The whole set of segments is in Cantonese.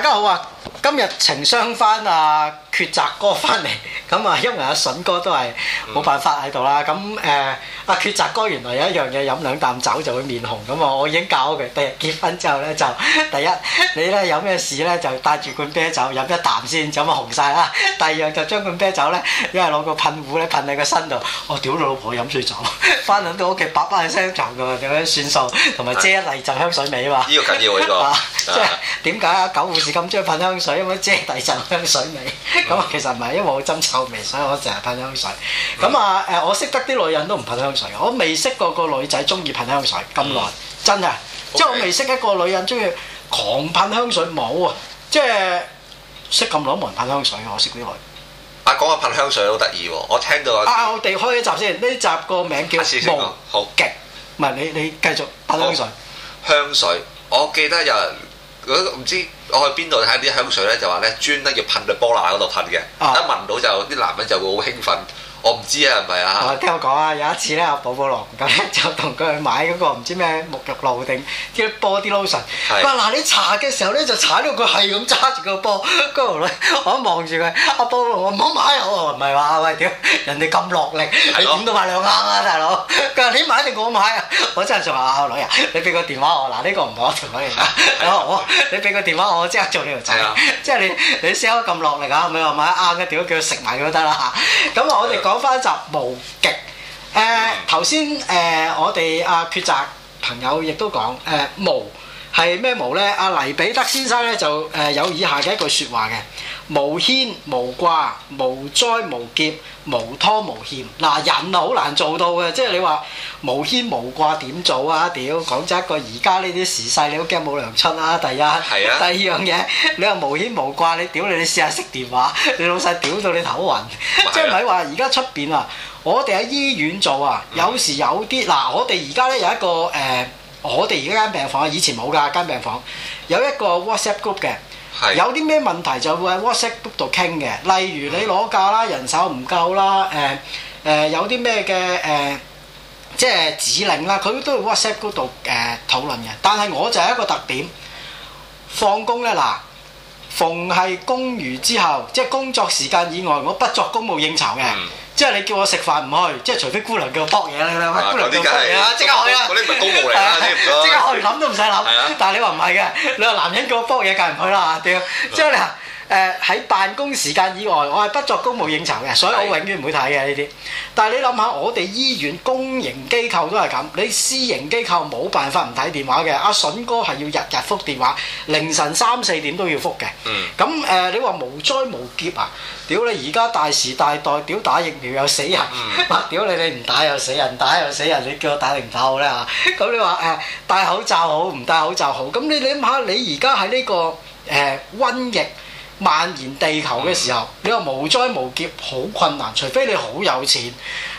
大家好啊！今日情商翻啊，抉擇哥翻嚟。咁啊，因為阿筍哥都係冇辦法喺度啦。咁誒、嗯，阿決擇哥原來有一樣嘢，飲兩啖酒就會面紅咁啊！我已經教佢，第日結婚之後咧，就第一，你咧有咩事咧，就帶住罐啤酒飲一啖先，就咁紅晒啦。第二樣就將罐啤酒咧，因為攞個噴壺咧噴喺個身度，我屌你老婆飲醉咗，翻到屋企叭叭聲嘈嘅，咁樣算數？同埋遮一嚟陣香水味啊嘛！呢個緊要喎，呢個，即係點解阿狗護士咁中意噴香水？因為遮一嚟陣香水味。咁、嗯、啊、嗯嗯嗯，其實唔係、嗯、因為我斟嘈。我未，所以我成日噴香水。咁、嗯、啊，誒，我識得啲女人都唔噴，噴香水。我未識過個女仔中意噴香水咁耐，真係！即係我未識一個女人中意狂噴香水冇啊！即係識咁耐冇人噴香水，我識啲耐。啊，講下噴香水好得意喎！我聽到我啊，我哋開一集先，呢集個名叫《無好極》，唔係你你繼續噴香水。香水，我記得有。人。如果唔知我去邊度睇啲香水咧，就話咧專登要噴到波娜嗰度噴嘅，一、啊、聞到就啲男人就會好興奮。我唔知啊，唔係啊！聽我講啊，有一次咧，阿寶寶龍咁咧就同佢去買嗰個唔知咩沐浴露定啲 body lotion 嗱是，你查嘅時候咧就查到佢係咁揸住個波，嗰條的女我望住佢，阿波，我唔好買我，我唔係話喂屌人哋咁落力，的你點都買兩盎啊，大佬！佢話你買定我買啊，我真係做下阿女啊，你俾個電話我嗱，呢、這個唔係我做女啊，我你俾的個電話我，我即刻做的的你條仔，即係你你 sell 得咁落力啊，唔係話買啱嘅屌叫佢食埋佢都得啦嚇，咁啊我哋講。翻集無極，誒頭先誒，我哋阿抉擇朋友亦都講誒，無係咩無咧？阿、呃、黎、啊、比德先生咧就誒、呃、有以下嘅一句説話嘅。無牽無掛、無災無劫、無拖無欠。嗱，人啊，好難做到嘅，即係你話無牽無掛，點做啊？屌，講真一個，而家呢啲時勢，你都驚冇糧出啊，第一是啊，第二樣嘢你話無牽無掛，你屌你屌你試下熄電話，你老細屌到你頭暈是、啊、即係唔係話而家出邊啊，我哋喺醫院做啊，有時有啲嗱是、啊啊、我哋而家咧有一個誒、呃、我哋而家間病房以前冇㗎，間病房有一個 WhatsApp group 嘅。是有啲咩問題就會喺 WhatsApp 嗰度傾嘅，例如你攞價啦、嗯、人手唔夠啦、誒、呃、誒、呃、有啲咩嘅誒，即係指令啦，佢都 WhatsApp 嗰度誒討、呃、論嘅。但係我就係一個特點，放工咧嗱，逢係工餘之後，即係工作時間以外，我不作公務應酬嘅。嗯。即係你叫我食飯唔去，即係除非姑娘叫我幫嘢啦，啊、姑娘叫我幫嘢啦，即刻去 啊！嗰啲唔係公務嚟嘅，即刻去諗都唔使諗。啊、但係你話唔係嘅，你話男人叫我幫嘢梗係唔去啦，屌！即係你啊。誒喺辦公時間以外，我係不作公務應酬嘅，所以我永遠唔會睇嘅呢啲。但係你諗下，我哋醫院公營機構都係咁，你私營機構冇辦法唔睇電話嘅。阿筍哥係要日日覆電話，凌晨三四點都要覆嘅。嗯。咁誒、嗯，你話無災無劫啊？屌你！而家大時大代，屌打疫苗又死人，屌、嗯、 你你唔打又死人，打又死人，你叫我打定唔打好咧嚇？咁你話誒戴口罩好，唔戴口罩好？咁你諗下，你而家喺呢個誒瘟疫蔓延地球嘅時候，你話無災無劫好困難，除非你好有錢。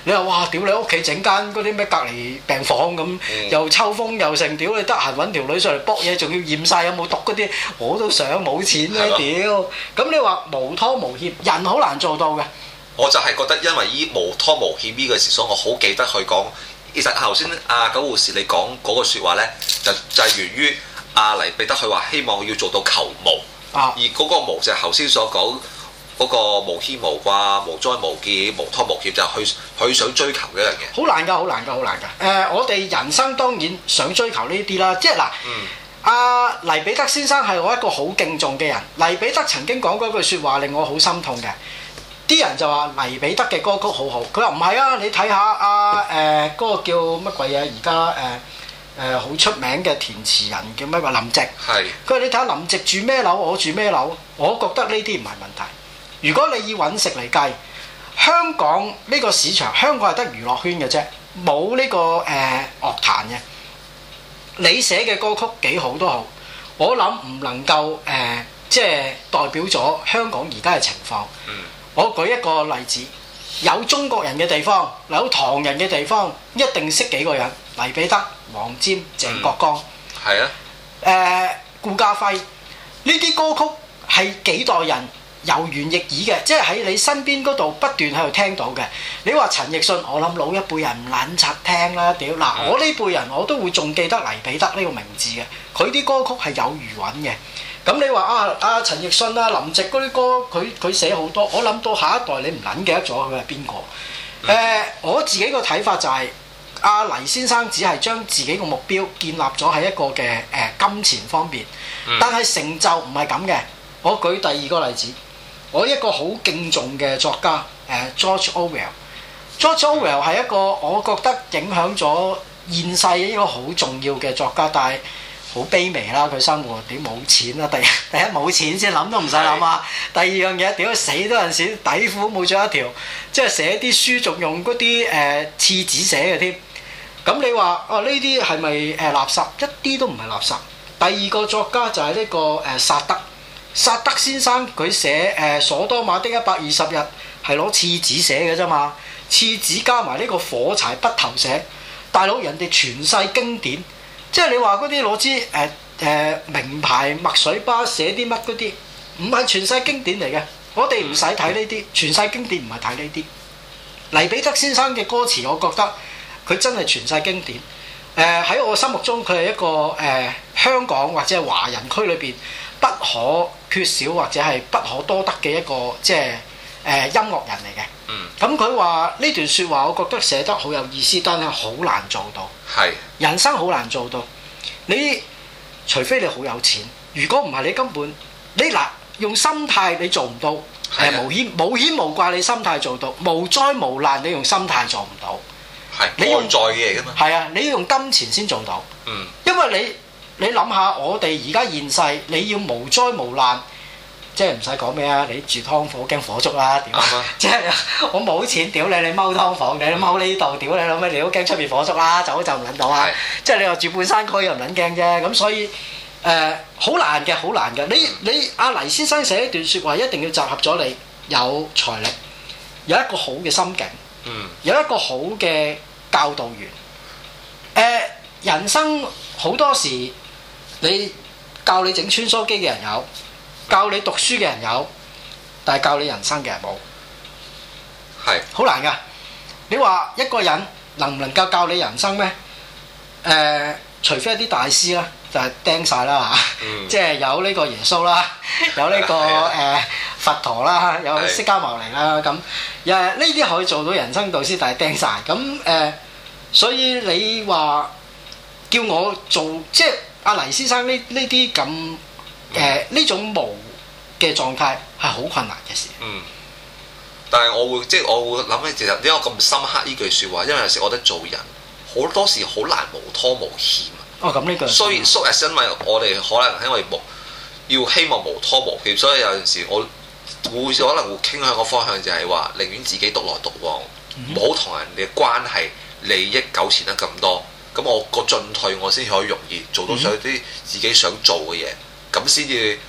你話哇屌你屋企整間嗰啲咩隔離病房咁，又抽風又成屌你得閒揾條女上嚟搏嘢，仲要驗晒有冇毒嗰啲，我都想冇錢咧屌！咁你話無拖無欠，人好難做到嘅。我就係覺得，因為依無拖無欠呢個事，所以我好記得佢講。其實頭先阿九護士你講嗰個説話咧，就就係源於阿黎彼得佢話希望要做到求無。啊！而嗰、那個無就係頭先所講嗰、那個無牽無掛、無災無劫、無拖無欠，就係、是、去想追求一樣嘢。好難㗎，好難㗎，好難㗎！誒、呃，我哋人生當然想追求呢啲啦，即係嗱，阿、嗯啊、黎彼得先生係我一個好敬重嘅人。黎彼得曾經講過一句説話令我好心痛嘅，啲人就話黎彼得嘅歌曲好好，佢話唔係啊，你睇下阿誒嗰個叫乜鬼啊？而家誒。呃誒好、呃、出名嘅填詞人叫咩話，林夕，佢話係你睇下林夕住咩樓，我住咩樓，我覺得呢啲唔係問題。如果你以揾食嚟計，香港呢個市場，香港係得娛樂圈嘅啫，冇呢、呢個誒、呃、樂壇嘅。你寫嘅歌曲幾好都好，我諗唔能夠誒、呃，即係代表咗香港而家嘅情況。嗯、我舉一個例子，有中國人嘅地方，有唐人嘅地方，一定識幾個人黎彼得。黃霑、鄭國江係、嗯、啊，誒、呃、顧嘉輝呢啲歌曲係幾代人有緣亦耳嘅，即係喺你身邊嗰度不斷喺度聽到嘅。你話陳奕迅，我諗老一輩人唔撚察聽啦，屌、呃、嗱！啊、我呢輩人我都會仲記得黎彼得呢個名字嘅，佢啲歌曲係有餘韻嘅。咁你話啊啊陳奕迅啊林夕嗰啲歌，佢佢寫好多，我諗到下一代你唔撚記得咗佢係邊個？誒、嗯呃、我自己個睇法就係、是。阿、啊、黎先生只係將自己個目標建立咗喺一個嘅誒、呃、金錢方面，嗯、但係成就唔係咁嘅。我舉第二個例子，我一個好敬重嘅作家，誒 George Orwell。George Orwell 係 Or、well、一個我覺得影響咗現世一個好重要嘅作家，但係好卑微啦。佢生活點冇錢啦，第第一冇錢先諗都唔使諗啊。第，第，是第二樣嘢屌佢死都陣時底褲冇咗一條，即係寫啲書仲用嗰啲誒廁紙寫嘅添。呃咁你話哦？呢啲係咪誒垃圾？一啲都唔係垃圾。第二個作家就係呢、這個誒、呃、薩德。薩德先生佢寫誒《索、呃、多瑪的一百二十日》係攞廁紙寫嘅啫嘛，廁紙加埋呢個火柴筆頭寫。大佬人哋全世經典，即係你話嗰啲攞支誒誒名牌墨水筆寫啲乜嗰啲，唔係全世經典嚟嘅。我哋唔使睇呢啲，全世經典唔係睇呢啲。黎比得先生嘅歌詞，我覺得。佢真係全世經典，誒、呃、喺我心目中佢係一個誒、呃、香港或者係華人區裏邊不可缺少或者係不可多得嘅一個即係、呃、音樂人嚟嘅。咁佢、嗯嗯、話呢段説話，我覺得寫得好有意思，但係好難做到。係的人生好難做到，你除非你好有錢。如果唔係，你根本你嗱用心態你做唔到，係的、呃、無險無牽無掛你心態做到，無災無難你用心態做唔到。你用在嘅嚟噶嘛？係啊，你要用金錢先做到。嗯。因為你你諗下，我哋而家現世，你要無災無難，即係唔使講咩啊！你住劏房，好驚火燭啦，點啊？樣、嗯、即係我冇錢，屌你！你踎劏房你，你踎呢度，屌你老咩！你都驚出面火燭啦、啊，走就唔撚到啊！嗯、即係你話住半山區又唔撚驚啫。咁所以誒，好、呃、難嘅，好難嘅。你你阿、啊、黎先生寫一段説話，一定要集合咗你有財力，有一個好嘅心境，有一個好嘅。教導員，誒、呃、人生好多時，你教你整穿梭機嘅人有，教你讀書嘅人有，但係教你人生嘅人冇，係好是難㗎。你話一個人能唔能夠教你人生咩？誒、呃。除非一啲大師啦，就係釘晒啦嚇，嗯、即係有呢個耶穌啦， 有呢、呢個誒的、呃、佛陀啦，有釋迦牟尼啦咁，誒呢啲可以做到人生導師，但係釘晒。咁誒、呃，所以你話叫我做，即係阿黎先生呢呢啲咁誒呢種無嘅狀態係好困難嘅事。嗯，但係我會即係我會諗起其實點解我咁深刻呢句説話，因為有時我覺得做人。好多時好難無拖無欠啊！哦，咁呢日因為我哋可能因為無要希望無拖無欠，所以有陣時我會可能會傾向個方向就係話，寧願自己獨來獨往，唔好同人哋關係利益糾纏得咁多。咁我個進退我先可以容易做到想啲自己想做嘅嘢，咁先至。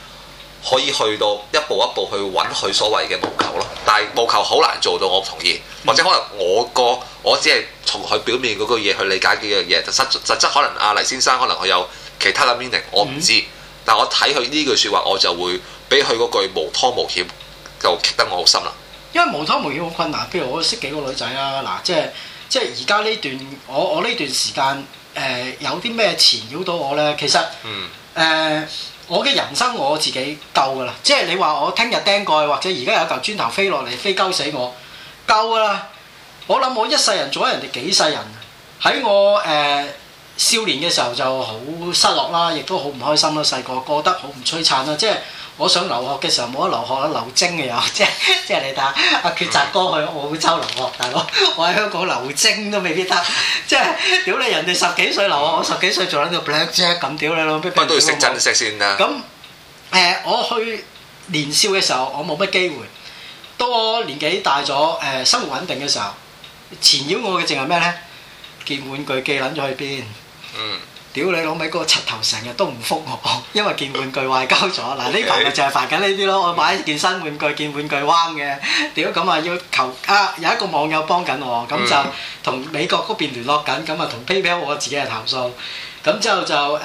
可以去到一步一步去揾佢所謂嘅無求咯，但係無求好難做到，我不同意。嗯、或者可能我個我只係從佢表面嗰句嘢去理解嘅嘢，就失實質。實質可能阿、啊、黎先生可能佢有其他嘅 meaning，我唔知。嗯、但我睇佢呢句説話，我就會俾佢嗰句無拖無險就棘得我好深啦。因為無拖無險好困難，譬如我識幾個女仔啦、啊！嗱，即係即係而家呢段我我呢段時間誒、呃、有啲咩纏繞到我呢？其實誒。嗯呃。我嘅人生我自己夠㗎喇，即係你話我聽日釘蓋，或者而家有一嚿磚頭飛落嚟，飛鳩死我，夠㗎喇。我諗我一世人做咗人哋幾世人，喺我誒、呃、少年嘅時候就好失落啦，亦都好唔開心啦，細個過得好唔璀璨啦，即係。我想留學嘅時候冇得留學，留精嘅又，即係即係你睇阿決澤哥去澳洲留學，大佬我喺香港留精都未必得，即係屌你，人哋十幾歲留學，我十幾歲仲喺度 black 啫，咁屌你囉，不過都要識珍惜先啊。咁誒，我去年少嘅時候，我冇乜機會。當我年紀大咗，誒生活穩定嘅時候，纏繞我嘅淨係咩咧？見玩具寄撚咗去邊？嗯。屌你老味，嗰個柒頭成日都唔覆我，因為見玩具壞交咗。嗱呢排咪淨係煩緊呢啲咯，我買一件新玩具，見玩具彎嘅。屌咁啊，要求啊有一個網友幫緊我，咁就同美國嗰邊聯絡緊，咁啊同 PayPal 我自己係投訴，咁之後就誒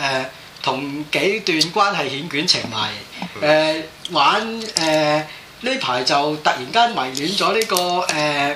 同幾段關係顯卷情迷，誒玩誒呢排就突然間迷戀咗呢個誒。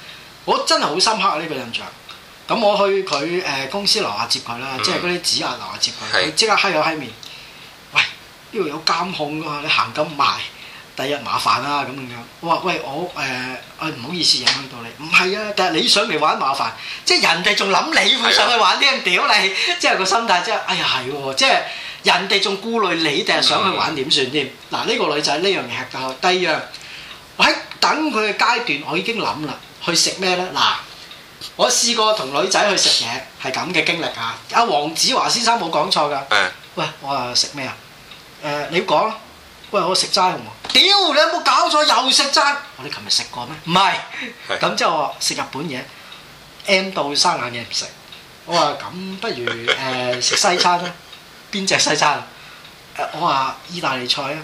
我真係好深刻呢、啊這個印象，咁我去佢誒、呃、公司樓下接佢啦，即係嗰啲指壓樓下接佢，即、嗯、刻閪口閪面。喂，呢度有監控㗎、啊，你行咁埋，第一麻煩啦咁樣。我話：喂，我誒，唔、呃、好意思影響到你，唔係啊，但係你想嚟玩麻煩，即係人哋仲諗你會上去玩添，屌你！即係個心態、哎哎哎哎，即係哎呀係喎，即係人哋仲顧慮你，定係想去玩點算添？嗱，呢個女仔呢樣嘢，第二。第二喺等佢嘅階段，我已經諗啦，去食咩呢？嗱，我試過同女仔去食嘢，係咁嘅經歷啊！阿黃子華先生冇講錯㗎是的、呃。喂，我話食咩啊？你講，喂，我食齋好唔好？屌，你有冇搞錯？又食齋是的？我哋琴日食過咩？唔係。係、呃。咁即係我話食日本嘢，M 到生冷嘢唔食。我話咁不如誒食西餐啊？邊隻西餐啊？我話意大利菜啊，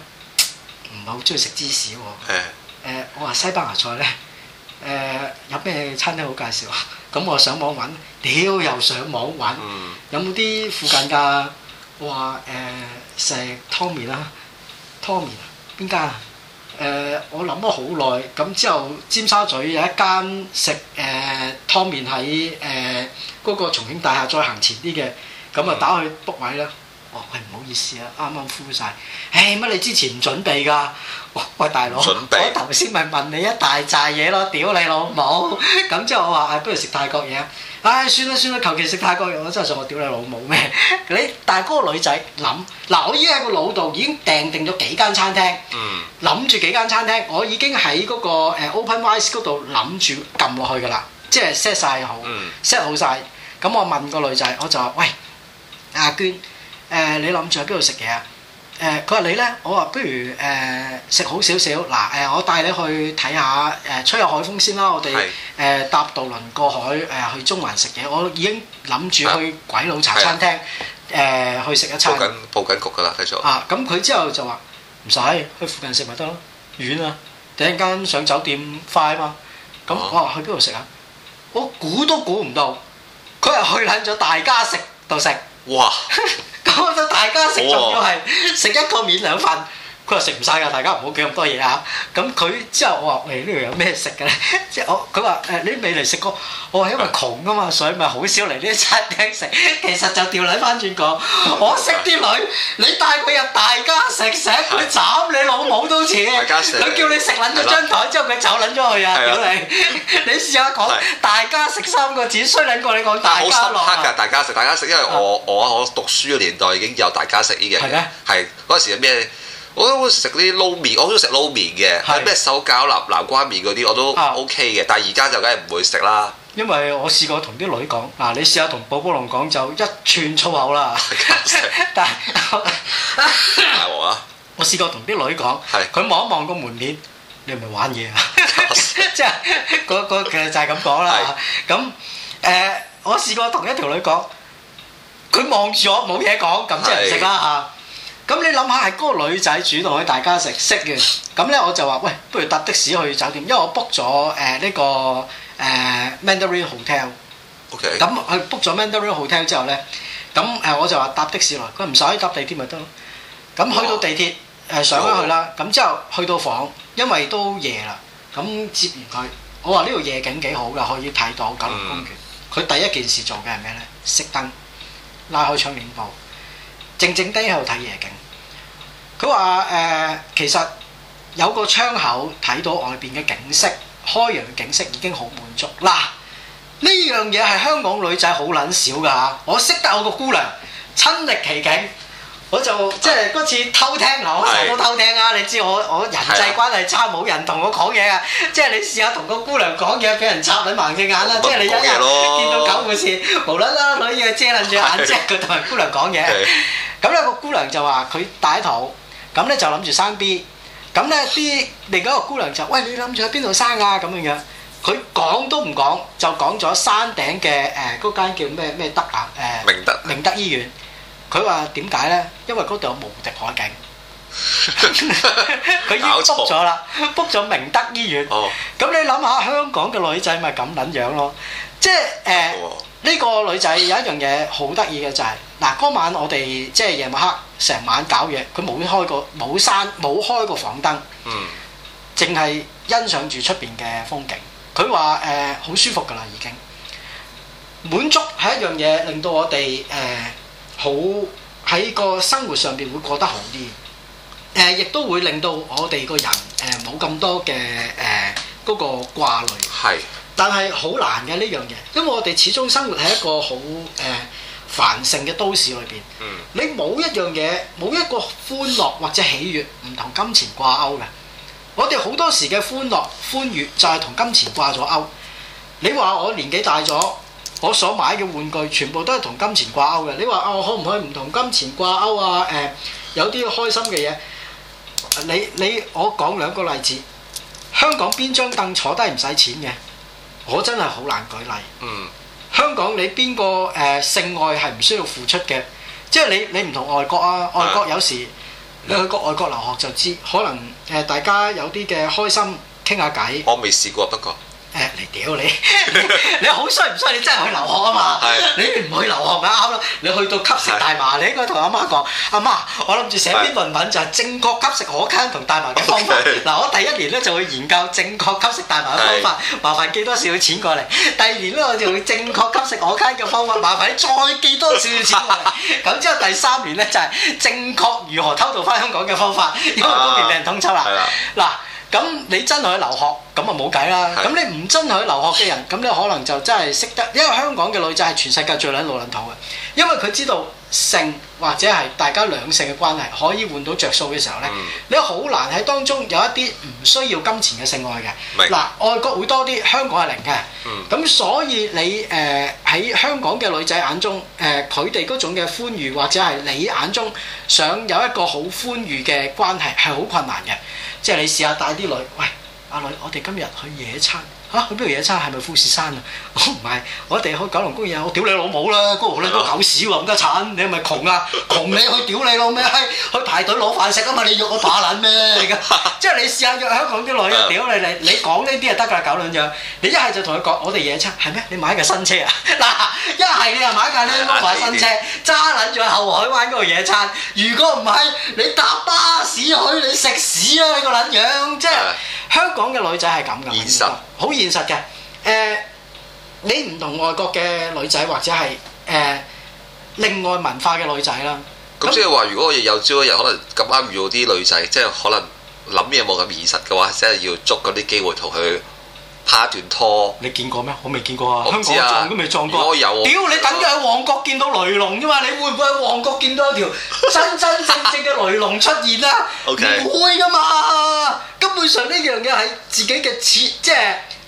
唔係好中意食芝士喎。誒、呃，我話西班牙菜咧？誒、呃、有咩餐廳好介紹啊？咁 我、嗯、上網揾，屌又上網揾，有冇啲附近噶、呃啊啊呃？我話誒食湯麵啦，湯麵邊間啊？誒我諗咗好耐，咁之後尖沙咀有一間食誒湯麵喺誒嗰個重慶大廈再行前啲嘅，咁、嗯、啊、嗯、打去 book 位啦。喂，唔好意思啊，啱啱敷晒。誒乜？你之前唔準備噶？喂，大佬，準備我頭先咪問你一大扎嘢咯，屌你老母！咁之 後我話、哎：，不如食泰國嘢。唉、哎，算啦算啦，求其食泰國嘢咯，我真係想我屌你老母咩？ 你但係嗰女仔諗，嗱、啊，我依家喺個腦度已經訂定咗幾間餐廳，諗住、嗯、幾間餐廳，我已經喺嗰、那個、uh, OpenRice 嗰度諗住撳落去嘅啦，即係 set 晒好，set、嗯、好晒！咁我問個女仔，我就話：，喂，阿娟。娃娃娃娃娃娃誒、呃，你諗住喺邊度食嘢啊？誒、呃，佢話你咧，我話不如誒食、呃、好少少嗱誒，我帶你去睇下誒、呃、吹下海風先啦。我哋誒是、呃、搭渡輪過海誒、呃、去中環食嘢，我已經諗住去鬼佬茶餐廳誒、啊呃、去食一餐。附近報緊局㗎啦，睇咗啊！咁佢之後就話唔使去附近食咪得咯，遠啊！突然間上酒店快啊嘛！咁、哦、我話去邊度食啊？我估都估唔到，佢係去諗咗大家食就食。 哇！咁我大家食仲要係食一個麵兩份。佢話食唔曬㗎，大家唔好計咁多嘢啊！咁佢之後我話：誒呢度有咩食嘅咧？即係我佢話誒你未嚟食過。我話因為窮啊嘛，所以咪好少嚟呢個餐廳食。其實就調嚟翻轉講，我識啲女，你帶佢入大家食，食佢斬你老母都似。大家食，佢叫你食撚咗張台之後，佢走撚咗去啊！屌你，你試下講大家食三個字衰撚過你講大家樂啊！大家食，大家食，因為我我我讀書嘅年代已經有大家食呢樣嘢，係嗰陣時有咩？我都會食啲撈麵，我好中意食撈麵嘅，咩手搞南瓜麵嗰啲我都 OK 嘅，但係而家就梗係唔會食啦。因為我試過同啲女講，嗱，你試下同寶寶龍講就一串粗口啦。但係大鑊啊！我試過同啲女講，佢望一望個門面，你唔係玩嘢啊？即係嗰嗰其實就係咁講啦。咁誒，我試過同一條女講，佢望住我冇嘢講，咁即係唔食啦嚇。咁你諗下係嗰個女仔主動去大家食識嘅，咁咧我就話喂，不如搭的士去酒店，因為我 book 咗誒呢個誒、呃、Mandarin Hotel。O K。咁去 book 咗 Mandarin Hotel 之後咧，咁誒我就話搭的士來，佢唔使搭地鐵咪得咯。咁去到地鐵誒哇上咗去啦，咁、哦、之後去到房，因為都夜啦，咁接完佢，我話呢度夜景幾好㗎，可以睇到九龍公園。佢、嗯、第一件事做嘅係咩咧？熄燈，拉開窗簾布。嗯靜靜低喺度睇夜景。佢話：誒、呃，其實有個窗口睇到外邊嘅景色，開揚嘅景色已經好滿足。嗱，呢樣嘢係香港女仔好撚少㗎。我識得我個姑娘親歷其境，我就即係嗰次偷聽，我成日都偷聽啊！是你知我我人際關係差，冇人同我講嘢啊！即係你試下同個姑娘講嘢，俾人插撚盲隻眼啦！即係你一日見到狗護士，無啦啦女嘢遮撚住眼，即係佢同埋姑娘講嘢。 咁咧個姑娘就話佢大肚，咁咧就諗住生 B，咁咧 B，另外一個姑娘就，喂，你諗住喺邊度生啊？咁樣樣，佢講都唔講，就講咗山頂嘅誒嗰間叫咩咩德啊誒，明德明德醫院。佢話點解咧？因為嗰度有無敵海景，佢已經 book 咗啦，book 咗明德醫院，咁你諗下香港嘅女仔咪咁撚樣咯，即係誒。呢個女仔有一樣嘢好得意嘅，就係，嗱，嗰晚我哋即係夜晚黑成晚搞嘢，佢冇開過冇閂冇開過房燈，淨係、嗯、欣賞住出邊嘅風景。佢話誒好舒服㗎啦，已經滿足。係一樣嘢令到我哋誒、呃、好喺個生活上邊會過得好啲，誒、呃、亦都會令到我哋個人誒冇咁多嘅誒嗰個掛慮。係。但係好難嘅呢樣嘢，因為我哋始終生活喺一個好誒、呃、繁盛嘅都市裏邊。嗯、你冇一樣嘢，冇一個歡樂或者喜悅唔同金錢掛鈎嘅。我哋好多時嘅歡樂歡悦就係同金錢掛咗鈎。你話我年紀大咗，我所買嘅玩具全部都係同金錢掛鈎嘅。你話啊，我可唔可以唔同金錢掛鈎啊？誒，有啲開心嘅嘢，你你我講兩個例子。香港邊張凳坐低唔使錢嘅？我真係好難舉例。嗯，香港你邊個誒、呃、性愛係唔需要付出嘅？即係你，你唔同外國啊，外國有時、嗯、你去過外國留學就知，可能誒、呃、大家有啲嘅開心傾下偈。聊聊，我未試過不過。誒屌 你！你好衰唔衰？你真係去留學啊嘛？是你唔去留學咪啱咯？你去到吸食大麻，你應該同阿媽講：阿媽，我諗住寫篇論文,文就係正確吸食可卡同大麻嘅方法。嗱 Okay.、嗯，我第一年咧就會研究正確吸食大麻嘅方法，是麻煩寄多少少錢過嚟。第二年咧，我就用正確吸食可卡嘅方法，麻煩你再寄多少少錢過嚟。咁之後第三年咧就係正確如何偷渡翻香港嘅方法，因為嗰年被人通緝啦。嗱、啊。咁你真係去留學，咁啊冇計啦。咁的你唔真係去留學嘅人，咁你可能就真係識得，因為香港嘅女仔係全世界最撚老臉肚嘅，因為佢知道性或者係大家兩性嘅關係可以換到着數嘅時候咧，嗯、你好難喺當中有一啲唔需要金錢嘅性愛嘅。嗱白，外國會多啲，香港係零嘅。咁、嗯、所以你誒喺香港嘅女仔眼中，誒佢哋嗰種嘅歡愉或者係你眼中想有一個好歡愉嘅關係係好困難嘅。即係你試下帶啲女，喂，阿女，我哋今日去野餐。嚇，去邊度野餐？係咪富士山啊？我唔係，我哋去九龍公園，我屌你老母啦！高佬你個狗屎喎，咁多慘，你係咪窮啊？窮你去屌你老咩閪？去排隊攞飯食啊嘛！你約我打撚咩？即係你試下約香港啲女啊！屌你你你講呢啲就得㗎，搞兩樣。你一係就同佢講我哋野餐係咩？你買架新車啊！嗱，一係你又買架呢碌馬新車，揸撚仲去後海灣嗰度野餐。如果唔係，你搭巴士去，你食屎啊！你個撚樣即係香港嘅女仔係咁噶。好現實嘅，誒、呃，你唔同外國嘅女仔或者係誒另外文化嘅女仔啦。咁即係話，如果我哋有朝一日可能咁啱遇到啲女仔，即係可能諗嘢冇咁現實嘅話，即係要捉嗰啲機會同佢拍一段拖。你見過咩？我未見過啊。香港撞都未撞過。我有。我屌，你等於喺旺角見到雷龍啫嘛？你會唔會喺旺角見到一條真真正正嘅雷龍出現啊？唔 Okay. 會噶嘛。基本上呢樣嘢係自己嘅設，即係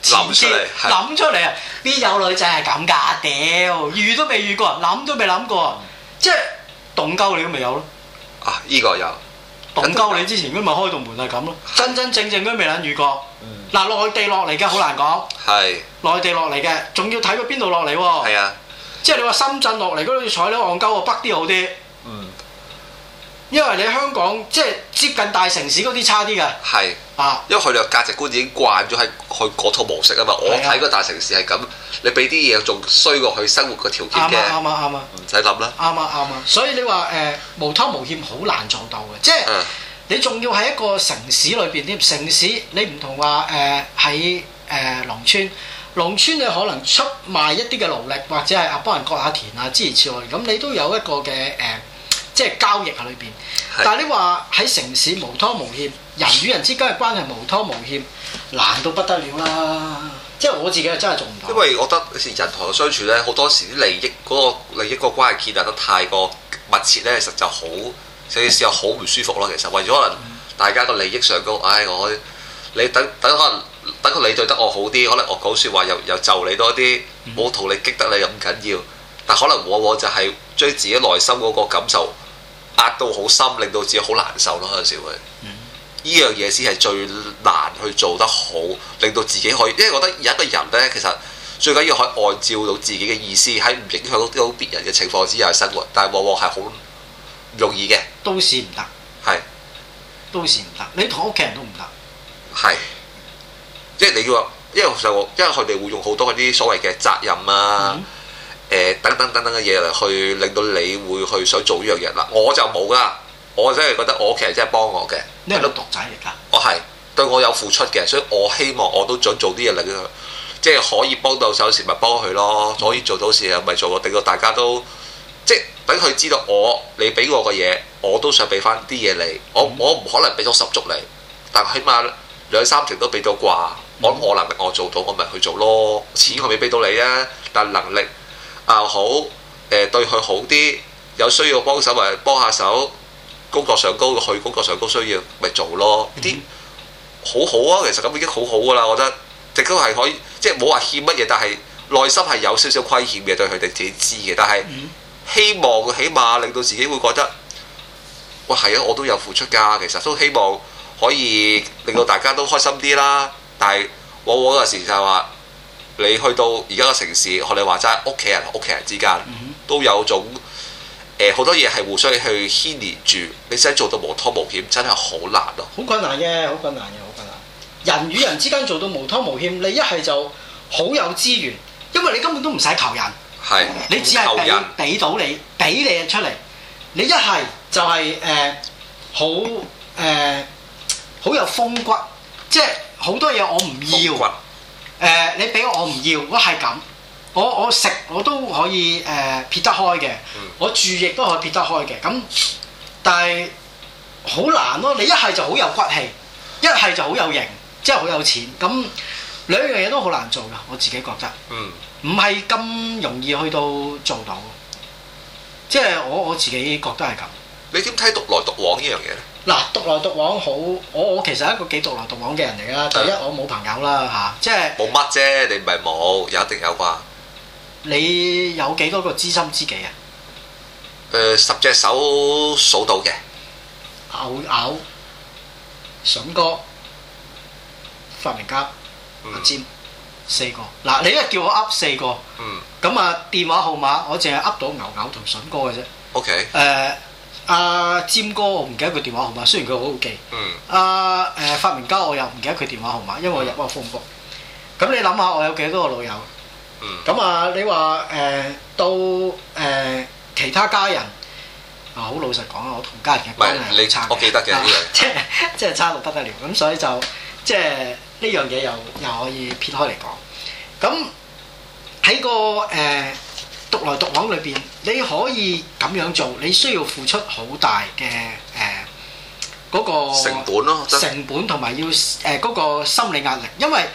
諗出嚟，諗出嚟啊！邊有女仔係咁㗎？屌，遇都未遇過，諗都未諗過，即係洞鳩你都未有咯。啊，依、這個有洞鳩你之前嗰咪開道門係咁咯，真、嗯、真正正都未諗遇過。嗱是，內地落嚟嘅好難講，係內地落嚟嘅，仲要睇佢邊度落嚟喎。係啊，即係你話深圳落嚟嗰要彩女戇鳩啊，北啲好啲。因為你香港即係接近大城市嗰啲差啲嘅，係是啊，因為佢哋價值觀已經慣咗喺佢嗰套模式啊嘛。啊我睇個大城市係咁，你俾啲嘢仲衰過佢生活嘅條件。啱啊啱啊啱啊唔使諗啦。啱啊啱啊,啊，所以你話誒、呃、無偷無欠好難做到嘅，即係、啊、你仲要喺一個城市裏邊添。城市你唔同話誒喺誒農村，農村你可能出賣一啲嘅勞力，或者係啊幫人割下田啊，諸如此類。咁你都有一個嘅誒。呃呃呃呃呃呃即係交易喺裏邊，但係你話喺城市無拖無欠，人與人之間嘅關係無拖無欠，難到不得了啦！即係我自己係真係做唔到。因為我覺得人同人相處咧，好多時啲利益嗰個利益個關係建立得太過密切咧，其實就好有時候好唔舒服咯。其實為咗可能大家個利益上高，唉、哎、我你等等可能等個你對得我好啲，可能我講説話又又就你多啲，冇同你激得你又唔緊要，但可能往往就係將自己內心嗰個感受。壓到好深，令到自己好難受咯。有陣時會，呢樣嘢先係最難去做得好，令到自己可以，因為我覺得有一個人咧，其實最緊要可以按照到自己嘅意思，喺唔影響到別人嘅情況之下生活，但係往往係好唔容易嘅。都係唔得，係是，都係唔得，你同屋企人都唔得，係，即係你要話，因為因為佢哋會用好多嗰啲所謂嘅責任啊。嗯呃、等等等等嘅嘢嚟去令到你會去想做呢樣嘢嗱，我就冇㗎，我真係覺得我其實真係幫我嘅，因為你獨仔嚟㗎，我係對我有付出嘅，所以我希望我都想做啲嘢令佢，即係可以幫到手時咪幫佢咯，可以做到時咪做咯，令到大家都即係等佢知道我你俾我嘅嘢，我都想俾翻啲嘢你，我、嗯、我唔可能俾咗十足你，但係起碼兩三成都俾到啩，我諗我能力我做到我咪去做咯，錢我未俾到你啊，但能力。啊、好，誒、呃、對佢好啲，有需要幫手咪幫下手。工作上高去工作上高需要，咪做咯。呢啲好好啊，其實咁已經好好噶啦，我覺得，亦都係可以，即係冇話欠乜嘢，但係內心係有少少愧欠虧欠嘅，對佢哋自己知嘅。但係希望起碼令到自己會覺得，喂，係啊，我都有付出㗎，其實都希望可以令到大家都開心啲啦。但係往往有時就話。你去到而家個城市，學你話齋，屋企人屋企人之間都有種誒呃、好多嘢係互相去牽連住，你想做到無拖無欠，真係好難咯、啊。好困難嘅，好困難嘅，好困難。人與人之間做到無拖無欠，你一係就好有資源，因為你根本都唔使求人。係是，你只求人俾到你，俾你出嚟。你一係就係誒好誒好有風骨，即係好多嘢我唔要。誒，你俾我我唔要，如果係咁，我我食我都可以誒撇得開嘅，嗯，我住亦都可以撇得開嘅，咁但係好難咯。你一係就好有骨氣，一係就好有型，即係好有錢，咁兩樣嘢都好難做噶，我自己覺得。嗯，唔係咁容易去到做到，即係我我自己覺得係咁。你點睇獨來獨往呢樣嘢？嗱，獨來獨往好，我我其實係一個幾獨來獨往嘅人嚟㗎。嗯、第一，我冇朋友啦嚇、啊，即係冇乜啫，你唔係冇，有一定有啩。你有幾多個知心知己啊？誒、呃，十隻手數到嘅。牛牛、呃、筍、呃、哥、發明家、阿尖，嗯、四個。嗱，你一叫我噏四個，咁啊、嗯嗯，電話號碼我淨係噏到牛牛同筍哥嘅啫。O、呃、K。誒、呃。呃呃阿佔、啊、哥，我唔記得佢電話號碼，雖然佢好好記。嗯。阿誒、啊呃、發明家，我又唔記得佢電話號碼，因為我入咗風波。咁、嗯、你諗下，我有幾多個老友？嗯。咁啊，你話誒、呃、到誒、呃、其他家人，啊好老實講啊，我同家人嘅關係差你，我記得嘅即係差到不得了。咁所以就即係呢樣嘢又又可以撇開嚟講。咁喺個誒。呃獨來獨往裏邊，你可以咁樣做，你需要付出好大嘅誒嗰個成本咯。成本同埋要誒嗰個心理壓力，因為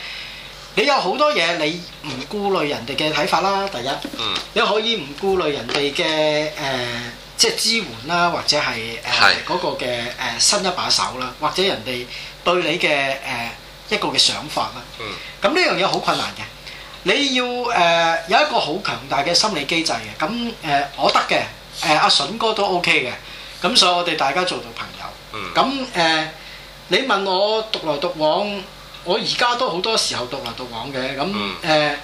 你有好多嘢你唔顧慮人哋嘅睇法啦。第一，嗯、你可以唔顧慮人哋嘅誒即係支援啦，或者係誒嗰個嘅誒、呃、伸一把手啦，或者人哋對你嘅誒、呃、一個嘅想法啦。咁呢樣嘢好困難嘅。你要誒、呃、有一個好強大嘅心理機制嘅，咁誒、呃、我得嘅，誒、呃、阿筍哥都 OK 嘅，咁所以我哋大家做到朋友，咁誒、嗯呃、你問我獨來獨往，我而家都好多時候獨來獨往嘅，咁誒、嗯呃、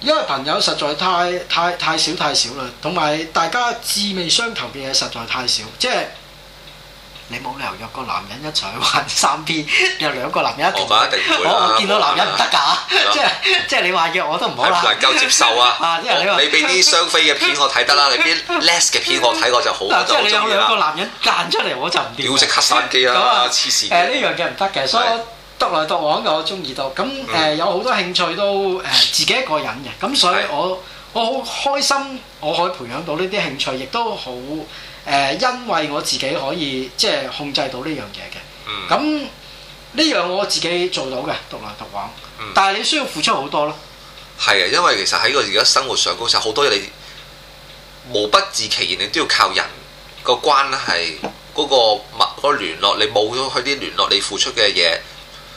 因為朋友實在太太太少太少啦，同埋大家志味相投嘅嘢實在太少，即係。你冇理由約個男人一齊去玩三片，又兩個男人一齊。我我見到男人唔得㗎，即係即係你話嘅我都唔好啦。能夠接受啊！啊，即係你話你俾啲雙飛嘅片我睇得啦，你啲 less 嘅片我睇我就好就即係你有兩個男人彈出嚟，我就唔掂。要食黑山雞啊，黐線！呢樣嘢唔得嘅，所以我獨來獨往嘅我中意到。咁誒有好多興趣都誒自己一個人嘅，咁所以我我好開心，我可以培養到呢啲興趣，亦都好。因為我自己可以即係控制到呢樣嘢嘅，咁呢、嗯、樣我自己做到嘅，獨來獨往。嗯、但係你需要付出好多咯。係啊，因為其實喺個而家生活上，嗰時好多嘢你無不自其然，你都要靠人關係 個關係嗰個物嗰個聯絡，你冇咗佢啲聯絡，你付出嘅嘢，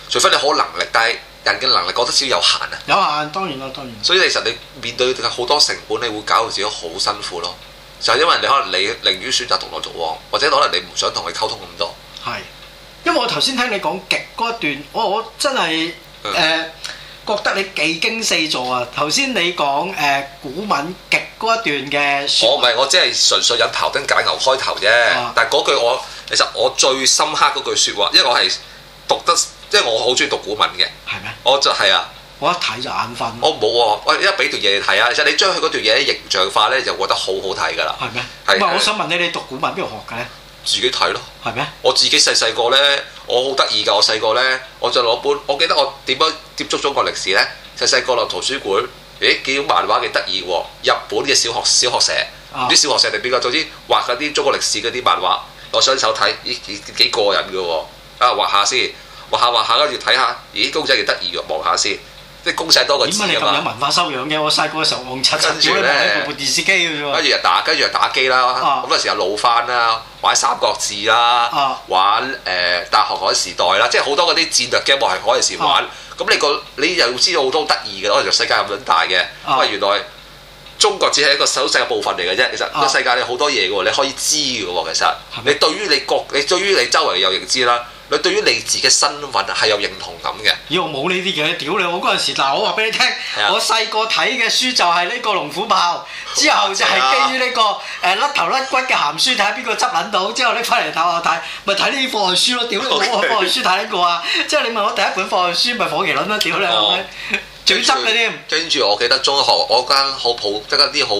除非你好有能力，但係人嘅能力覺得少有限啊。有限，當然啦，當然。所以其實你面對好多成本，你會搞到自己好辛苦咯。就因為你可能你寧願選擇同我做往，或者可能你唔想同佢溝通咁多。係，因為我頭先聽你講極嗰一段，我我真係誒、呃、覺得你幾驚四座啊！頭先你講誒古文極嗰一段嘅説話，我唔係我真係純粹有頭頂解牛開頭啫。啊、但係嗰句我其實我最深刻嗰句説話，因為我係讀得，因為我好中意讀古文嘅。係咩嗎？我就係、是、啊！嗯我一睇就眼瞓。我冇喎、啊，喂！一俾條嘢，你睇啊，其實你將佢嗰條嘢形象化咧，就覺得好好睇噶啦。係咩？唔係，我想問你，你讀古文邊度學嘅咧？自己睇咯。係咩嗎？我自己細細個咧，我好得意㗎。我細個咧，我就攞本，我記得我點樣接觸中國歷史咧。細細個落圖書館，誒、哎，見到漫畫幾得意喎。日本嘅小學小學社，啲、啊、小學社定邊個早啲畫嗰啲中國歷史嗰啲漫畫，我上手睇，咦、哎，幾過癮嘅喎！啊，畫下先，畫下畫下跟住睇下，咦、欸，公仔幾得意喎，望下先。哎即公仔多過字啊嘛！咁你咁有文化修養嘅，我細個嘅時候戇柒柒嘅，就一部電視機跟住又打，跟住又打機啦。咁嗰時又老翻啦，玩《三國志》啦、啊，玩誒、呃《大航海時代》啦，即係好多嗰啲戰略 game 係可以玩。咁、啊、你個你又知道好多得意嘅，因就世界咁樣大嘅。喂、啊，原來中國只係一個小小嘅部分嚟嘅啫。其實個世界有好多嘢嘅喎，你可以知嘅喎。其實、啊、你對於你國，你對於你周圍有認知啦。嗎你對於你自己嘅身份係有認同感嘅？咦，我冇呢啲嘅，屌你！我嗰陣時嗱，我話俾你聽，是啊、我細個睇嘅書就係呢個《龍虎豹》，之後就係基於呢、呢個誒甩、啊呃、頭甩骨嘅鹹書，睇下邊個執撚到，之後拎翻嚟睇下睇，咪睇呢啲課外書咯。屌你，冇課外書睇、呢個啊！ 即係你問我第一本課外書咪《火麒麟》咯，屌你係咪最執嘅添？跟住我記得中學我間好普即係啲好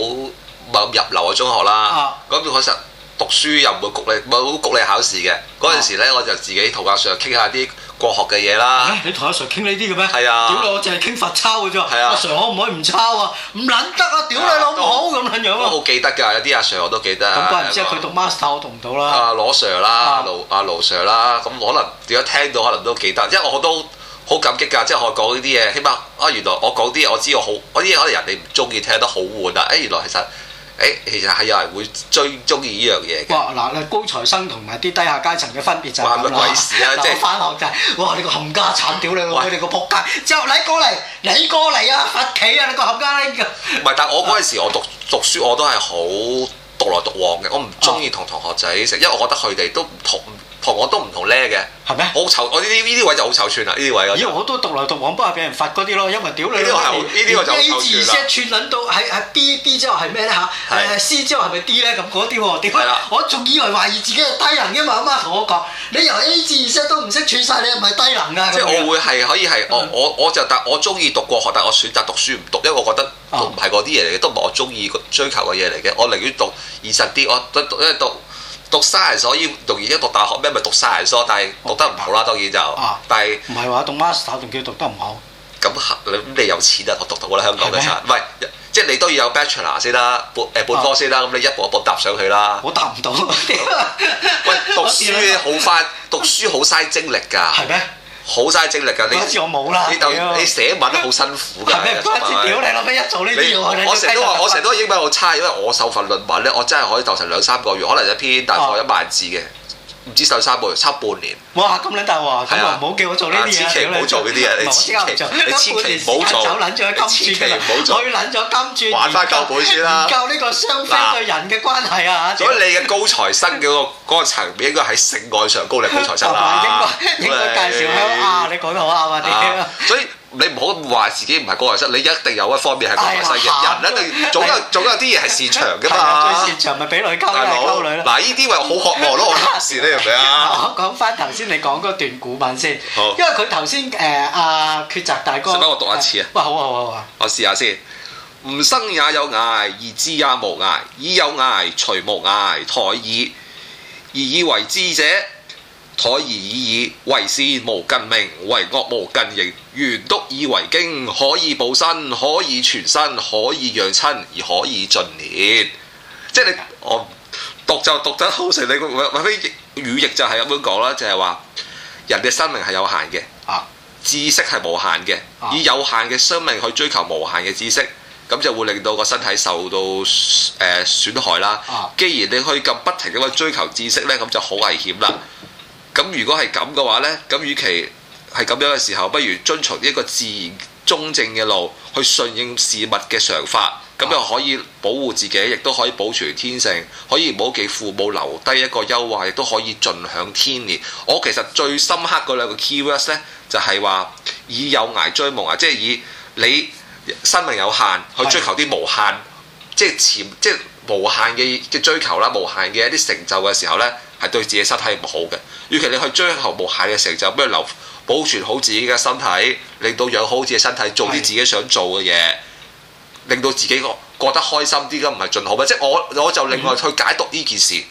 冇入流嘅中學啦，嗰邊確實。啊讀書又唔會焗你，冇焗你考試嘅。嗰陣時咧，我就自己同、啊、阿 Sir 傾下啲國學嘅嘢啦。你同阿 Sir 傾呢啲嘅咩？係啊。屌你，我淨係傾罰抄嘅啫。係啊。阿、啊、Sir 可唔可以唔抄啊？唔撚得啊！屌你老母咁撚樣啊！都好記得㗎，有啲阿 Sir 我都記得、啊。咁嗰陣時佢讀 master，我讀唔到啦。阿、啊、羅 Sir 啦，阿盧、啊啊啊、Sir 啦，咁可能如果聽到，可能都記得，因為我都好感激㗎，即、就、係、是、我講呢啲嘢，起碼啊，啊，啊，啊原來我講啲我知道我好，我啲可能人哋唔中意聽得好悶啊，誒、啊、原來其實。誒、欸，其實係有人會最中意呢樣嘢嘅。哇！嗱，高材生同埋啲低下階層嘅分別就係，哇！乜鬼事啊？啊即係是翻學仔、就是，哇！你個冚家鏟屌哇你個，佢哋個仆街，之後你過嚟，你過嚟啊！企啊！你個冚家拎唔係，但係我嗰陣時我讀、啊、讀書我都係好獨來獨往嘅，我唔中意同同學仔食，啊、因為我覺得佢哋都唔同。同我都唔同叻嘅，係咩？我醜我呢啲呢啲位就好醜串啦，呢啲位啊。以前我都獨來獨往，不過俾人發嗰啲咯，因為屌你。呢啲係呢啲我就 A 字識串，揾到係係 B B 之後係咩咧吓 C 之後係咪 D 咧？咁嗰啲喎，點解我仲以為懷疑自己係低能嘅嘛？阿媽同我講：你由 A 字識都唔識串晒，你係咪低能啊？即係我會係可以係我我我就但我中意讀國學，但我選擇讀書唔讀，因為我覺得都唔係嗰啲嘢嚟嘅，都唔係我中意追求嘅嘢嚟嘅，我寧願讀現實啲，我讀因為讀。讀三人，所以讀而家讀大學咩，咪讀三人所？但係讀得唔好啦，當然就，啊、但係唔係話讀 master 仲叫讀得唔好？咁你咁你有錢啦、啊，讀到啦，香港嘅唔係，即係你都要有 bachelor 先啦，本誒本科先啦，咁、哦、你一步一步搭上去啦。我答唔到。 喂，讀書好快， 讀書好嘥精力㗎。係咩？好嘥精力㗎，你你讀寫文都好辛苦㗎。我成日都我成日都英文好差，因為我寫份論文呢，我真係可以逗成兩三個月，可能一篇大概一萬字嘅。唔知受三倍差半年，哇咁撚大咁啊，唔好叫我做呢啲嘢，千祈唔好做呢啲嘢，你千祈唔好做，你千祈唔好做，千祈唔好做，玩翻舊本先啦，教呢個雙邊對人嘅關係啊！所以你嘅高材生嗰個嗰個層面應該喺性愛上高力高材生啦，應該應該介紹香你講得好啱啊！所以。你唔好話自己唔係高材生，你一定有一方面係高材生嘅，哎、喲人一定總有 總有啲嘢係擅長嘅嘛。最擅長咪俾女溝女溝女啦。嗱，呢啲話好學務咯。講翻頭先你講嗰段古文先，好因為佢頭先誒阿抉擇大哥，使唔使我讀一次啊？哇、呃！好啊好啊好啊！我試下先。吾生也有涯，而知也無涯。以有涯，隨無涯，台矣。而以為知者。妥而已矣，為善無近名，為惡無近刑。緣督以為經，可以保身，可以全身，可以養親，而可以盡年。即係你我讀就讀得好成，你唯非語譯就係咁樣講啦，就係、是、話人哋生命係有限嘅，知識係無限嘅，以有限嘅生命去追求無限嘅知識，咁就會令到個身體受到誒損、呃、害啦。既然你可以咁不停咁去追求知識呢，咁就好危險啦。咁如果係咁嘅話呢，咁與其係咁樣嘅時候，不如遵從一個自然中正嘅路，去順應事物嘅常法，咁又可以保護自己，亦都可以保存天性，可以唔好記父母留低一個優惠，都可以盡享天年。我其實最深刻嗰兩個 keywords 呢，就係話以有涯追夢啊，即係以你生命有限去追求啲無限，的即係潛即係。無限嘅嘅追求啦，無限嘅一啲成就嘅時候呢，係對自己身體唔好嘅。與其你去追求無限嘅成就，不如留保存好自己嘅身體，令到養好自己身體，做啲自己想做嘅嘢，令到自己過過得開心啲咁，唔係盡好咩？即係我我就另外去解讀呢件事，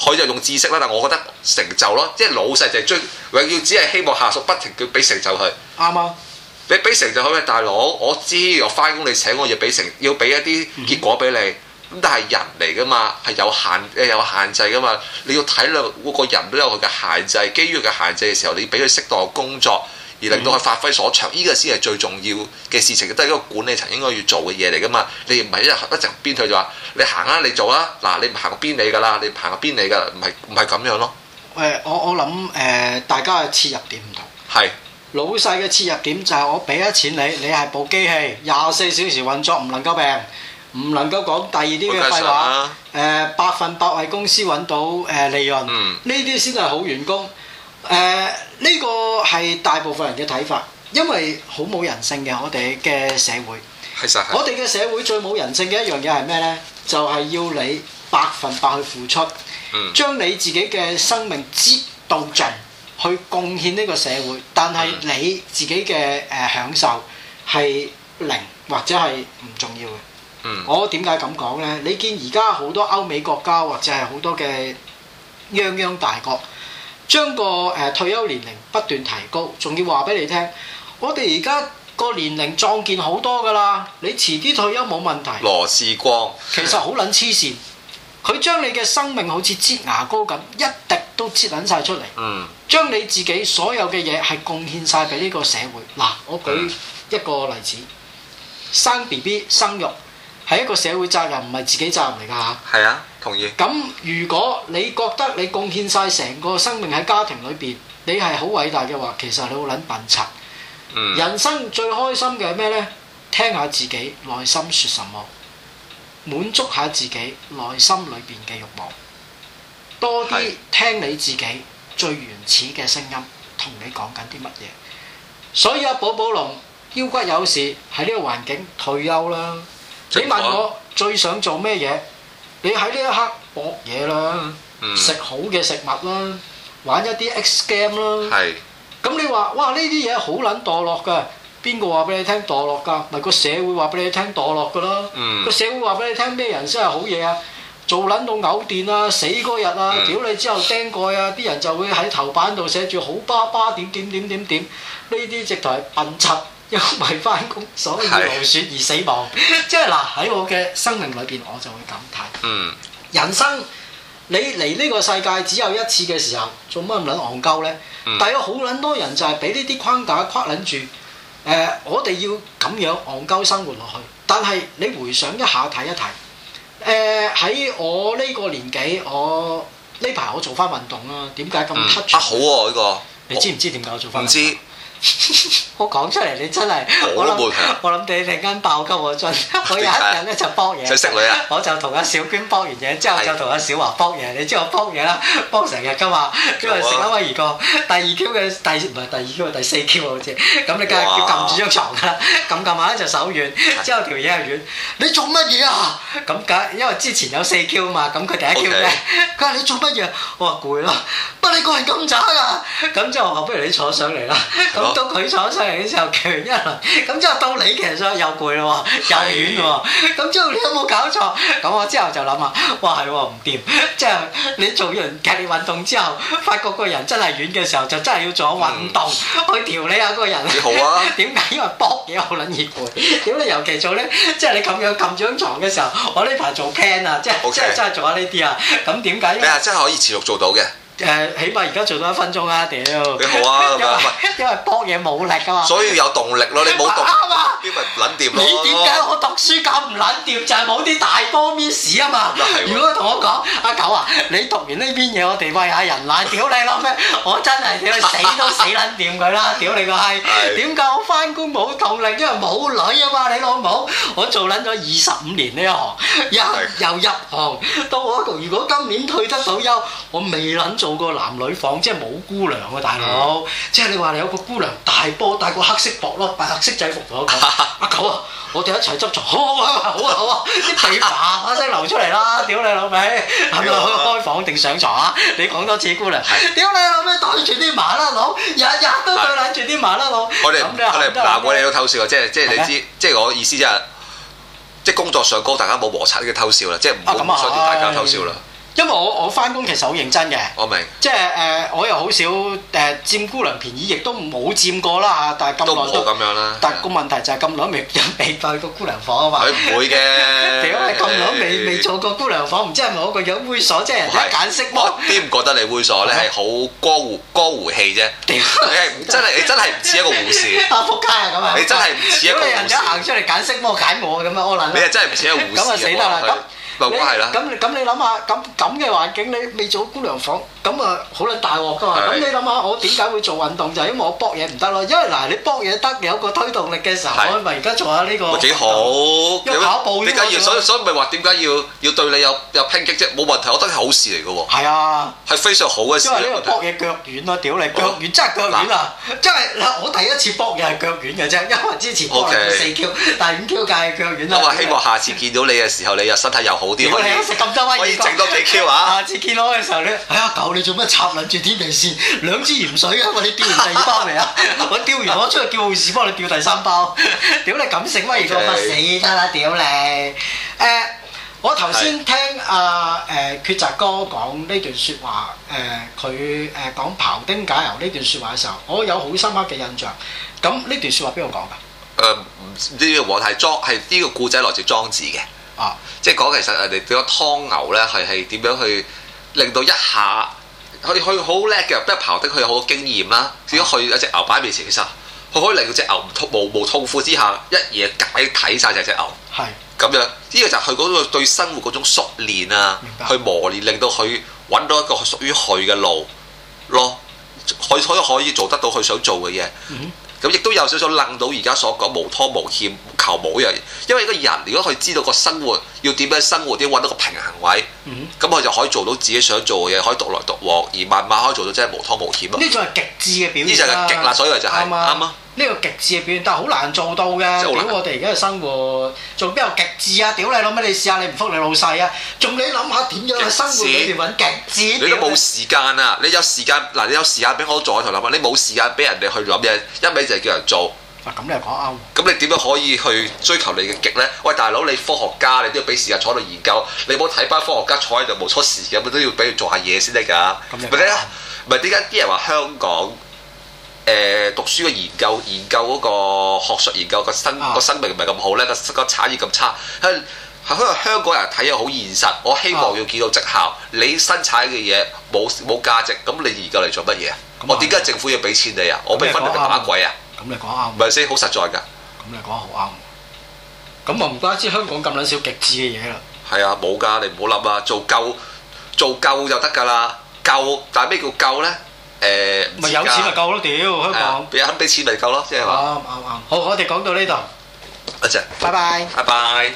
佢就用知識啦，但我覺得成就咯，即係老細就係追，永遠只係希望下屬不停叫俾成就佢。啱啊！你俾成就佢，大佬，我知我翻工你請我要俾成，要俾一啲結果俾你。咁但係人嚟噶嘛，係有限嘅有限制噶嘛。你要體諒嗰個人都有佢嘅限制，基於佢嘅限制嘅時候，你俾佢適當嘅工作，而令到佢發揮所長，呢、嗯、個先係最重要嘅事情，都係一個管理層應該要做嘅嘢嚟噶嘛。你唔係一一陣編佢就話你行啦、啊，你做啦、啊，嗱你唔行個邊你噶啦，你行個邊你噶，唔係唔係咁樣咯。誒，我我諗誒、呃，大家嘅切入點唔同。係是老細嘅切入點就係我俾咗錢你，你係部機器，廿四小時運作唔能夠病。唔能夠講第二啲嘅廢話。誒、嗯呃，百分百為公司揾到誒、呃、利潤，呢啲先係好員工。誒、呃，呢、這個係大部分人嘅睇法，因為好冇人性嘅我哋嘅社會。係實係。我哋嘅社會最冇人性嘅一樣嘢係咩呢？就係、是、要你百分百去付出，嗯、將你自己嘅生命擠到盡去貢獻呢個社會，但係你自己嘅誒享受係零或者係唔重要嘅。我點解咁講呢？你見而家好多歐美國家或者係好多嘅泱泱大國，將個誒、呃、退休年齡不斷提高，仲要話俾你聽，我哋而家個年齡壯健好多噶啦，你遲啲退休冇問題。羅仕光其實好撚黐線，佢 將你嘅生命好似擠牙膏咁，一滴都擠撚晒出嚟，嗯、將你自己所有嘅嘢係貢獻晒俾呢個社會。嗱，我舉一個例子，嗯、生 B B 生育。係一個社會責任，唔係自己責任嚟㗎嚇。係啊，同意。咁如果你覺得你貢獻晒成個生命喺家庭裏邊，你係好偉大嘅話，其實你好撚笨柒。嗯。人生最開心嘅係咩呢？聽下自己內心説什麼，滿足下自己內心裏邊嘅欲望，多啲聽你自己最原始嘅聲音，同你講緊啲乜嘢。所以阿寶寶龍腰骨有事喺呢個環境退休啦。你問我最想做咩嘢？你喺呢一刻搏嘢啦，嗯嗯、食好嘅食物啦，玩一啲 X game 啦。咁是、嗯、你話哇呢啲嘢好撚墮落噶？邊個話俾你聽墮落㗎？咪、就、個、是、社會話俾你聽墮落㗎啦。個、嗯、社會話俾你聽咩人先係好嘢啊？做撚到嘔電啊，死嗰日啊，屌你、嗯、之後釘蓋啊！啲人就會喺頭版度寫住好爸爸」，點點點點點，點，呢啲直頭係笨柒。因為返工所以勞損而死亡，即係嗱喺我嘅生命裏邊，我就會咁睇。嗯，人生你嚟呢個世界只有一次嘅時候，做乜唔撚戇鳩呢？嗯、但有好撚多人就係俾呢啲框架框撚住。誒、呃，我哋要咁樣戇鳩生活落去。但係你回想一下睇一睇，誒、呃、喺我呢個年紀，我呢排我做返運動啦。點解咁突出？啊好啊，呢、呢個，你知唔知點解我做返？唔知。 我講出嚟，你真係。我諗，我諗想你陣間爆急我樽，我有一日咧就搏嘢。我就同阿小娟搏完嘢之後就，就同阿小華搏嘢。你知我搏嘢啦，搏成日噶嘛，因為成粒威如哥第二 Q 嘅第唔係第二 Q 啊，第四 Q 好似。咁你梗係要冚住張床啦，咁冚下就手軟，之後條嘢又軟。你做乜嘢啊？咁梗，因為之前有四 Q 啊嘛。咁佢第一 Q 咧，佢話 Okay. 你做乜嘢？我話攰咯。乜你個人咁渣噶？咁之後不如你坐上嚟啦。到佢坐上嚟嘅時候強一輪，咁之後到你其實上又攰咯喎，又軟喎，咁之後你有冇搞錯，咁我之後就諗下，哇係喎唔掂，即係你做完劇烈運動之後，發覺個人真係軟嘅時候，就真係要做下運動、嗯、去調理下個人。幾好啊！點解？因為搏嘢好撚易攰，點解尤其做呢，即係你咁樣撳張床嘅時候，我呢排做 can 啊，即係即係即係做下呢啲啊。咁點解？你真係可以持續做到嘅。誒，起碼而家做多一分鐘啊！屌，你好啊，因為搏嘢冇力啊嘛，所以要有動力咯。啱啊，呢咪撚掂咯。你點解我讀書咁唔撚掂？就係冇啲大波 miss 啊嘛。如果同我講，阿九啊，你讀完呢邊嘢，我哋喂下人奶屌你諗咩？我真係屌你死都死撚掂佢啦！屌你個閪，點解我翻工冇動力？因為冇女啊嘛，你老母，我做撚咗二十五年呢一行，又又入行到我，如果今年退得到休，我未撚做。做個男女房，即係冇姑娘啊大佬，即係你話你有個姑娘大波，帶個黑色薄褸，白色制服咁。阿九啊，我哋一齊執床。好好啊，好啊，好啊，啲地把聲流出嚟啦！屌你老味，係開房定上床？啊？你講多次姑娘，屌你老味，攬住啲麻甩佬，日日都攬住啲麻甩佬。我哋我哋唔鬧，我哋都偷笑，即係即係你知，即係我意思即係，即係工作上高，大家冇摩擦呢個偷笑啦，即係唔好咁傷大家偷笑啦。因為我我翻工其實好認真嘅、呃，我明，即係誒我又好少誒佔姑娘便宜，亦都冇佔過啦嚇。但係咁耐都咁樣啦。但個問題就係咁耐未未帶過姑娘房啊嘛。佢唔會嘅。屌， 咁耐未未坐過姑娘房，唔知係咪我個樣猥瑣啫？即係揀色魔，點唔覺得你猥瑣咧，係好江湖江湖氣啫。 你係真係你真係唔似一個護士。我撲街啊咁啊！咁樣，你真係唔似一個人，行出嚟揀色魔，揀我咁樣。我諗你真係唔似一個護士。咁啊死得啦咁。冇關係啦。咁咁你諗下，咁咁嘅環境你未做姑娘房，咁啊好撚大鑊噶嘛？咁你諗下，我點解會做運動？就係因為我搏嘢唔得咯。因為嗱，你搏嘢得有個推動力嘅時候，我咪而家做下呢個。幾好，因為跑步要。所以所以咪話點解要要對你有有抨擊啫？冇問題，我覺得係好事嚟嘅喎。係啊，係非常好嘅事。因為呢個搏嘢腳軟咯，屌你腳軟真係腳軟啊！真係嗱，我第一次搏嘢係腳軟嘅啫，因為之前開到四 Q，但係五 Q 介係腳軟啦。咁希望下次見到你嘅時候，你又身體又好。如果你食咁多威爾，整 多幾 Q 啊！下次見我嘅時候，你哎呀狗，你做咩插埋住天地線？兩支鹽水啊！我你吊完第二包未啊？ 我吊完我出去叫護士幫你掉第三包。屌 你咁食威爾？我死得啦！屌你是！誒、啊，我頭先聽阿誒決擇哥講呢段説話，誒佢誒講庖丁解牛呢段説話嘅時候，我有好深刻嘅印象。咁呢段説話邊個講噶？誒呢個我係莊係呢個故仔來自莊子嘅。啊！即係講其實人哋點樣劏牛咧，係係點樣去令到一下，佢佢好叻嘅，不跑刨的佢有好多經驗啦。點樣、啊、去一隻牛擺面前其實，佢可以令到隻牛痛無無痛苦之下一夜解體晒就係隻牛。係咁是樣，呢個就係佢嗰個對生活嗰種鍛鍊啊，去磨練，令到佢揾到一個屬於佢嘅路咯。佢佢都可以做得到佢想做嘅嘢。嗯咁亦都有少少愣到，而家所講無拖無欠求冇嘅，因為一個人如果佢知道個生活要點樣生活，點搵到個平衡位，咁佢、嗯、就可以做到自己想做嘅嘢，可以獨來獨往，而慢慢可以做到真係無拖無欠咯。呢種係極致嘅表現，呢就係極啦，所以就係啱啊。吧呢個極致嘅表現，但係好難做到嘅。咁我哋而家嘅生活仲邊有極致啊？屌你老母，你試下你唔覆你老細啊！仲你諗下點樣去致生活裏面揾極致？你都冇時間啊！你有時間嗱，你有時間俾我坐喺度諗啊！你冇時間俾人哋去諗嘢，一味就係叫人做。咁、啊、你又講啱。咁、啊、你點樣可以去追求你嘅極咧？喂，大佬，你科學家，你都要俾時間坐喺度研究。你冇睇翻科學家坐喺度無所事事咁，都要俾佢做下嘢先得㗎。唔係啊，唔係點解啲人話香港？啊誒讀書嘅研究，研究嗰個學術研究個生個生命唔係咁好咧，個個產業咁差，係係香港人睇嘢好現實。我希望要見到績效，啊、你生產嘅嘢冇冇價值，咁你研究嚟做乜嘢啊？是我點解政府要俾錢你啊？你你我俾分你打鬼啊？咁你講啱是，唔係先好實在㗎。咁你講得好啱。咁啊唔單止香港咁撚少極致嘅嘢啦。係啊，冇㗎，你唔好諗啊，做夠做夠就得㗎啦，夠但係咩叫夠咧？誒咪、呃、在有錢咪夠咯，屌香港俾一筆錢咪夠咯即係話。好，我哋講到呢度。多謝像，拜拜。拜拜。